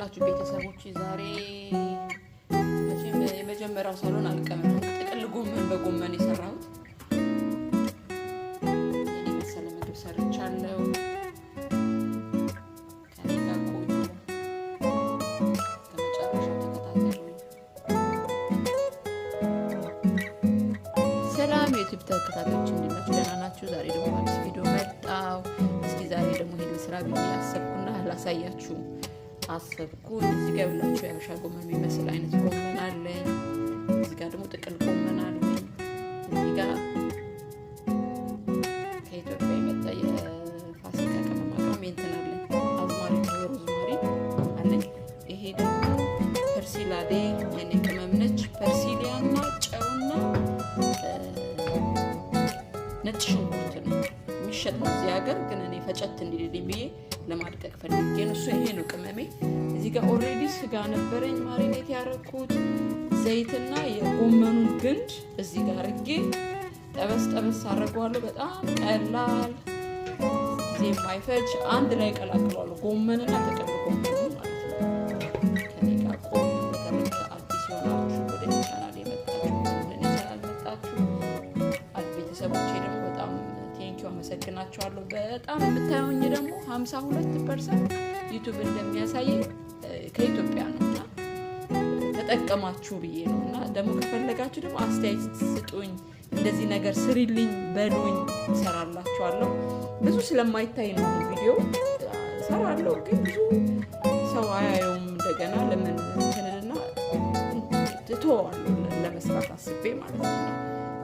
ያላችሁ ቤተሰቦች። ዛሬ የመጀመሪያው ሳሎን አልቀመም ጥቅል ጎመን በጎመን የሰራሁት የመሰለ ምግብ ሰርቻለሁ። ሰላም የዩቲዩብ ተከታታዮች እንደምን ናችሁ? ደህና ናችሁ? ዛሬ ደግሞ አዲስ ቪዲዮ መጣው። እስኪ ዛሬ ደግሞ ይሄን ስራ ብዬ ላሳያችሁ። አሰብኩ። እዚህ ጋር ሁላችሁ የሀበሻ ጎመን የሚመስል አይነት ጎመን አለኝ። እዚህ ጋር ደግሞ ጥቅል ጎመን አለኝ። እዚህ ጋር ከኢትዮጵያ የመጣ የፋሲካ ቅመማ ቅመም እንትን አለኝ። አዝማሪ ሮዝማሪ አለኝ። ይሄ ደግሞ ፐርሲላዴ አለኝ። የኔ ቅመም ነች። ፐርሲሊያና ጨውና ነጭ ሽንኩርት ነው የሚሸጥ ነው እዚህ ሀገር ግን እኔ ፈጨት እንዲልልኝ ብዬ ለማድቀቅ ፈልጌ ነው። እሱ ይሄ ነው ቅመሜ። እዚህ ጋር ኦልሬዲ ስጋ ነበረኝ ማሪኔት ያረኩት ዘይትና የጎመኑን ግንድ እዚህ ጋር አድርጌ ጠበስ ጠበስ አድርገዋለሁ። በጣም ቀላል ጊዜ የማይፈጅ አንድ ላይ ቀላቅለዋለሁ። ጎመንና ተቀል ጎመኑ ማለት ነው። ከኔ ደግሞ አመሰግናቸዋለሁ። በጣም የምታየውኝ ደግሞ 52 ፐርሰንት ዩቱብ እንደሚያሳይ ከኢትዮጵያ ነው እና ተጠቀማችሁ ብዬ ነው እና ደግሞ ከፈለጋችሁ ደግሞ አስተያየት ስጡኝ፣ እንደዚህ ነገር ስሪልኝ በሉኝ፣ እሰራላችኋለሁ። ብዙ ስለማይታይ ነው ቪዲዮ እሰራለሁ፣ ግን ብዙ ሰው አያየውም። እንደገና ለምን ትንልና ትቶ ለመስራት አስቤ ማለት ነው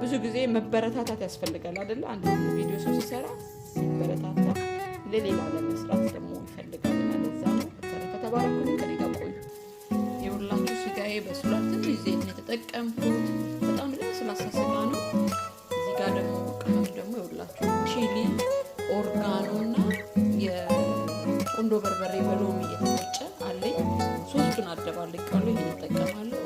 ብዙ ጊዜ መበረታታት ያስፈልጋል አደለ አንድ ቪዲዮ ሰው ሲሰራ ሲበረታታ ለሌላ ለመስራት ደግሞ ይፈልጋል እና ለዛ ነው ከተባረኩ ከሌጋ ቆዩ። የሁላችሁ ስጋዬ በሱላት ትንሽ ዘይት የተጠቀምኩት። በጣም ለስላሳ ስጋ ነው። እዚህ ጋር ደግሞ ቅመም ደግሞ የሁላችሁ ቺሊ ኦርጋኖ እና የቆንዶ በርበሬ በሎሚ እየተፈጨ አለኝ። ሶስቱን አደባልቀዋለሁ። ይሄን እጠቀማለሁ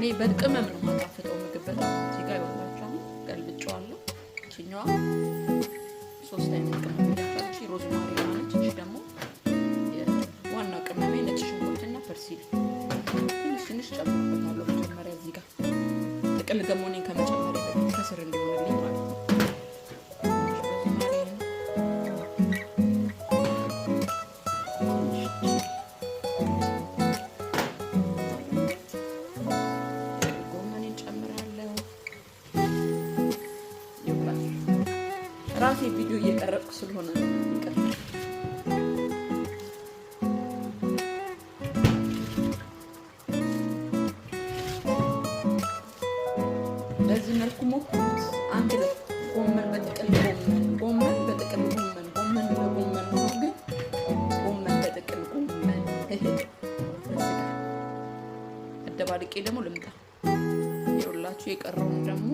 እኔ በቅመም ነው ማጣፍጠው ምግብ በጣም እዚህ ጋር የሆናቸው አሁን ችኛዋ ሶስት አይነት ቅመም ያቻች ሮዝማሪ ማለች። እ ደግሞ ዋና ቅመሜ ነጭ ና ፐርሲል ትንሽ ትንሽ ጨምርበታለሁ። መጀመሪያ እዚህ ጋር ጥቅል ገሞኔን ከመጨመር በዚህ መልኩ ሞክሩት። አንድ ላይ ጎመን በጥቅል ጎመን ጎመን በጥቅል ጎመን ጎመን በጎመን ነው፣ ግን ጎመን በጥቅል ጎመን አደባልቄ ደግሞ ልምጣ የቀረውን ደግሞ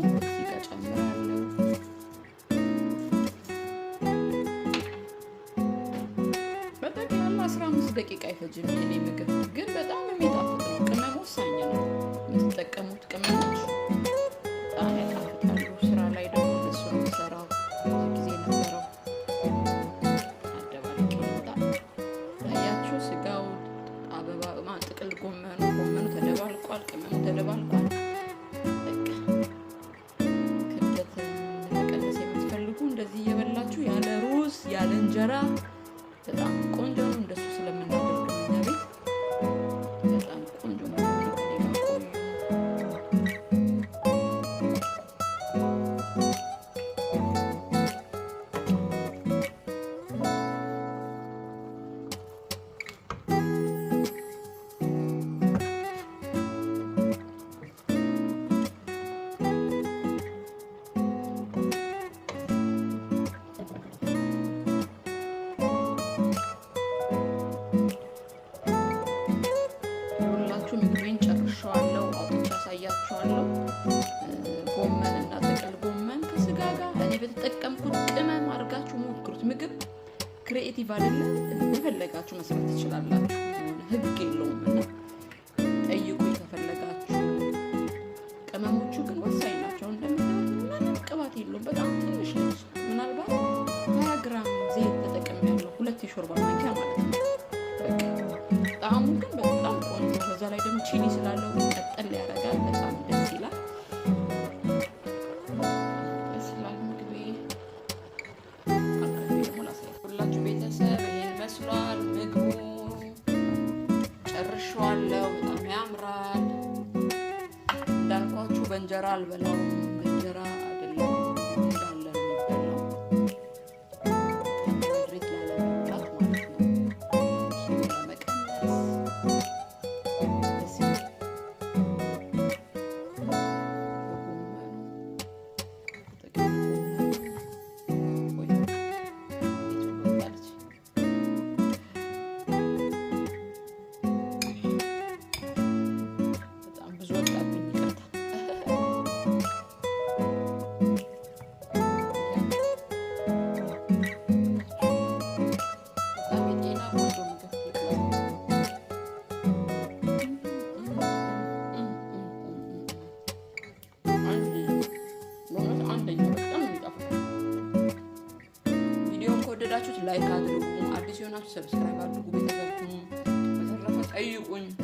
ደቂቃ አይፈጅም ምግብ ግን በጣም እንጀራ በጣም ቆንጆ ነው። እንደሱ ስለምን አደርጋለሁ። ጎመን እና ጥቅል ጎመን ከስጋ ጋር እኔ በተጠቀምኩት ቅመም አድርጋችሁ ሞክሩት። ምግብ ክሬኤቲቭ አይደለ? የፈለጋችሁ መስራት ትችላላችሁ። ህግ የለውም እና ጠይቁ ከፈለጋችሁ። ቅመሞቹ ግን ወሳኝ ናቸው። እንደምታዩት ምንም ቅባት የለውም። በጣም ትንሽ ነች። ምናልባት ሀያ ግራም ዘይት ተጠቅም ያለው ሁለት የሾርባ ማንኪያ ማለት ነው። ጣዕሙ ግን በጣም ቆንጆ። በዛ ላይ ደግሞ ቺኒ ስላለው ጨርሸዋለሁ። በጣም ያምራል። እንዳልኳችሁ በእንጀራ አልበላውም። ከወደዳችሁት ላይክ አድርጉ። አዲስ የሆናችሁ ሰብስክራይብ አድርጉ። ቤተሰብኩም በተረፈ ጠይቁኝ።